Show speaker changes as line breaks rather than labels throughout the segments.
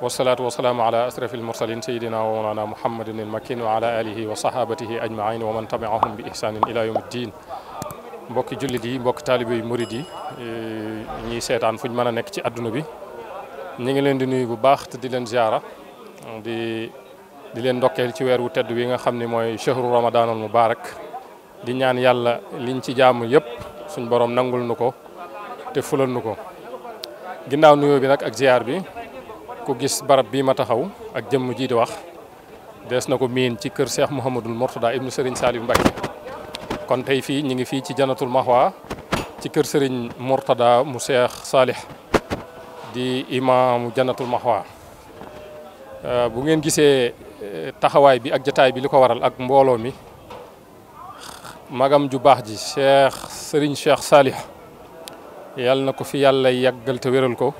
wasalaatu wasalaamu ala asrafi almursalin sayidina wa mawlana muhammadin almakin wa ala alihi wa sahabatihi ajmain wa man tabiahum bi ihsanin ila yawm ddin mbokki jullit yi mbokki taalibe yi murid yi eh, ñiy seetaan fu ñu mën a nekk ci adduna bi ñu ngi leen di nuyu bu baax di leen ziara di leen ndokkeel ci weer wu tedd wi nga xam ni mooy chahru ramadanul mubarak di ñaan yàlla liñ ci jaamu yëpp suñ borom nangul nu ko te fulal nu ko ginnaaw nuyoo bi nag ak ziar bi ko gis barab bii ma taxaw ak jëmm ji di wax dees na ko miin ci kër Cheikh Mouhamadul Mourtada ibnu Serigne Saliou Mbacké kon tey fii ñu ngi fii ci janatul mahwa ci kër Serigne Mourtada mu Cheikh Salih di imaamu janatul mahwa euh, bu ngeen gisee euh, taxawaay bi ak jataay bi li ko waral ak mbooloo mi magam ju baax ji Cheikh Serigne Cheikh Salih yàlla na ko fi yàlla yàggal te ko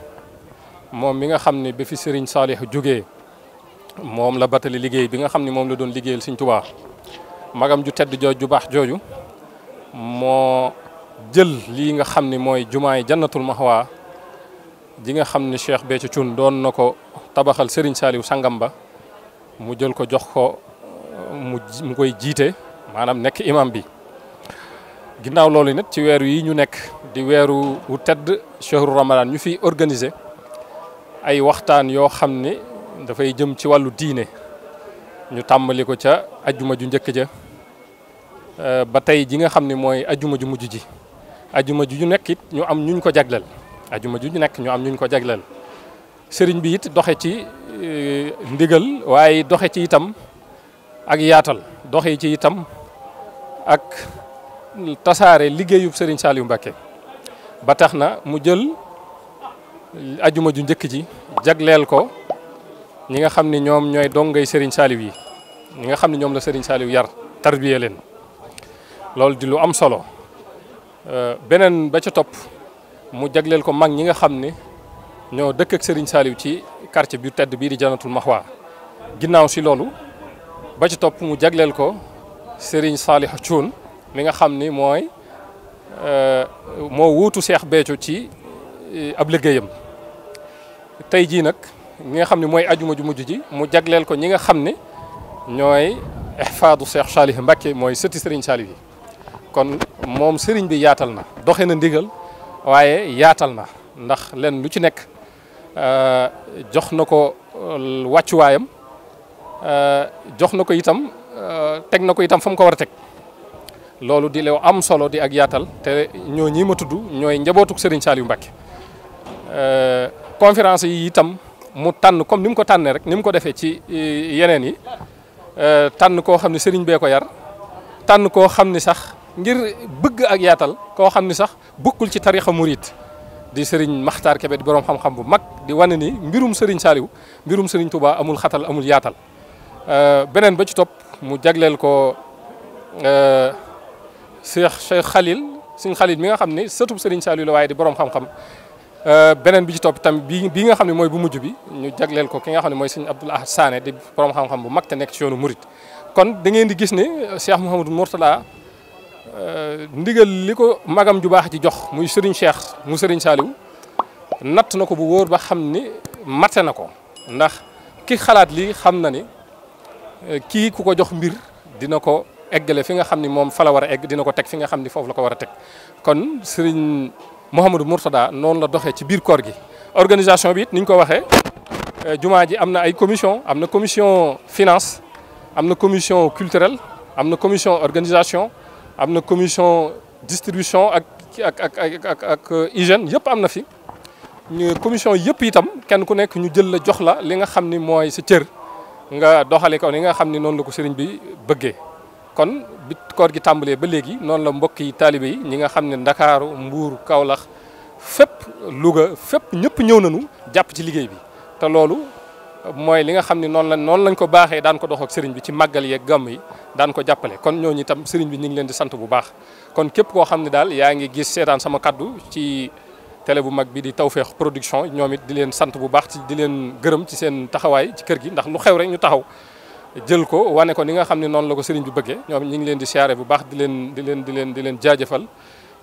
moom mi nga xam ne ba fi Serigne Saliou jóge moom la batali liggéey bi nga xam ni moom la doon liggéeyal Serigne Touba magam ju tedd jooj ju baax jooju moo jël lii nga xam ni mooy jumaay jannatul waa ji nga xam ne Cheikh Béthio Thioune doon na ko tabaxal Serigne Saliou sangam ba mu jël ko jox ko mu koy jiite maanaam nekk imam bi ginnaaw loolu nag ci weer yi ñu nekk di weeru wu tedd chehru ramadan ñu fi organiser ay waxtaan yoo xam ni dafay jëm ci wàllu diine ñu tàmbali ko ca ajuma ju njëkk ja euh, ba tey ji nga xam ne mooy ajuma ju mujj ji ajuma ju ju nekk it ñu am ñuñ ko jagleel ajuma ju ñu nekk ñu am ñuñ ko jagleel sëriñ bi yit doxe ci euh, ndigal waaye doxe ci itam ak yaatal doxe ci itam ak tasaare liggéeyub sëriñ Saliou Mbacké ba tax na mu jël ajuma ju njëkk ji jagleel ko ñi nga xam ni ñoom ñooy dongay sëriñ Saliou yi ñi nga xam ni ñoom la Serigne Saliou yar tarbiye leen loolu di lu am solo euh, beneen ba ca topp mu jagleel ko mag ñi nga xam ni ñoo dëkk sëriñ Serigne ci quartier bi tedd bii di Janatul Mahwa ginnaaw si loolu ba ca topp mu jagleel ko Serigne Saliou Thioune mi nga xam ni mooy euh, moo wuutu Cheikh Béthio ci ab liggéeyam tey jii nag ñi nga xam ne mooy ajuma ju mujj ji mu jagleel ko ñi nga xam ne ñooy ihfaadu Cheikh Salih Mbacké mooy sëti sëriñ saali yi kon moom sëriñ bi yaatal na doxe na ndigal waaye yaatal na ndax leen lu ci nekk euh, jox na ko euh, wàccuwaayam euh, jox na ko itam teg na ko itam fa ko war a teg loolu di lew am solo di ak yaatal te ñoo ñii ma tudd ñooy njabootuk Serigne Saliou Mbacké Euh, conférence yi itam mu tànn comme ni mu ko tànnee rek ni mu ko defee ci euh, yeneen yi euh, tànn koo xam ne sëriñ bee ko yar tànn koo xam ni sax ngir bëgg ak yaatal koo xam ni sax bukkul ci tarixa murit di sëriñ Maxtaar Kebe di borom xam-xam bu mag di wane ni mbirum sëriñ Saaliw mbirum sëriñ Touba amul xatal amul yaatal beneen ba ci topp mu jagleel ko Cheikh Cheikh Khalil sëriñ Khalil mi nga xam ne sëtub sëriñ Saaliw la waaye di boroom xam-xam Euh, beneen bi ci topp tamit bi bii nga xam ne mooy bu mujj bi ñu jagleel ko ki nga xam ne mooy sëñ Abdoul Ahad Sané di borom xam-xam bu mag te nekk ci yoonu murit kon da ngeen di gis ne euh, Cheikh Mouhamadou Mourtala euh, ndigal li ko magam ju baax ci jox muy Serigne Cheikh mu Serigne Saliou natt na ko bu wóor ba xam ni mate na ko ndax ki xalaat li xam na ni kii ku ko jox mbir dina ko eggale fi nga xam ni moom fa la war a egg dina ko teg fi nga xam ni foofu la ko war a teg kon Serigne. Mouhamadou Mourtada noonu la doxee ci biir koor gi organisation bi it ni ñu ko waxee euh, jumaa ji am na ay commission am na commission finance am na commission culturelle am na commission organisation am na commission distribution ak ak ak ak ak euh, hygiène yëpp am na fi ñu commission yëpp itam kenn ku nekk ñu jël la jox la li nga xam ni mooy sa cër nga doxale ko ni nga xam ni noonu la ko sëriñ bi bëggee kon bi koor gi tàmbalee ba léegi noonu la mbokk yi taalibe yi ñi nga xam ne ndakaaru mbuur kawlax fépp Louga fépp ñëpp ñëw nañu jàpp ci liggéey bi te loolu mooy li nga xam ne noonu la noonu lañ ko baaxee daan ko dox sëriñ bi ci màggal yee gàmm yi daan ko jàppale kon ñooñu itam sëriñ bi ñu ngi leen di sant bu baax kon képp koo xam ne daal yaa ngi gis seetaan sama kaddu ci télé bu mag bi di Tawfekh Production ñoom it di leen sant bu baax ci di leen gërëm ci seen taxawaay ci kër gi ndax lu xew rek ñu taxaw jël ko wane ko ni nga xam ne noonu la ko sëriñ bi bëggee ñoom ñu ngi leen di siyaare bu baax di leen di leen jaajafal leen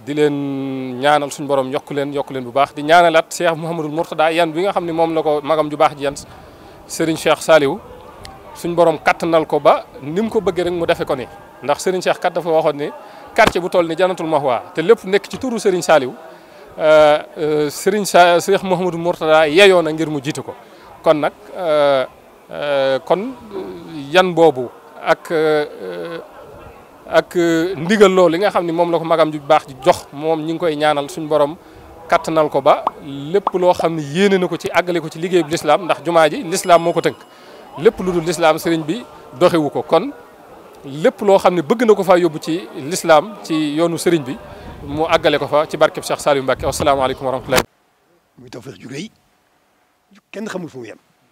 di leen jaajëfal di ñaanal suñu borom yokku leen yokku leen bu baax di ñaanalaat Cheikh Mouhamadul Mourtada yan bi nga xam ne moom la ko magam ju baax ji yan sëriñ Cheikh Saliou suñ borom kattanal ko ba ni mu ko bëggee rek mu defe ko ni ndax sëriñ Cheikh kat dafa waxoon ni quartier bu toll ni Jannatul Mahwa te lépp nekk ci turu sëriñ Saliou euh, sëriñ sa Cheikh Mouhamadul Mourtada yeyoon na ngir mu jiite ko kon nag euh, euh, yan boobu ak euh, euh, ak euh, ndigal loolu li nga xam ni moom la ko magam ju baax ji jox moom ñi ngi koy ñaanal suñu borom kattanal ko ba lépp loo xam ne yéene na ko ci àggale ko ci liggéey bu lislaam ndax jumaa ji lislaam moo ko tënk lépp lu dul lislaam sëriñ bi doxewu ko kon lépp loo xam ne bëgg na ko fa yóbbu ci lislaam ci yoonu sëriñ bi mu àggale ko fa ci barkeb Cheikh Saliou Mbacké wasalaamaaleykum wa rahmatullahi muy tawfeex ju
xamul fu yem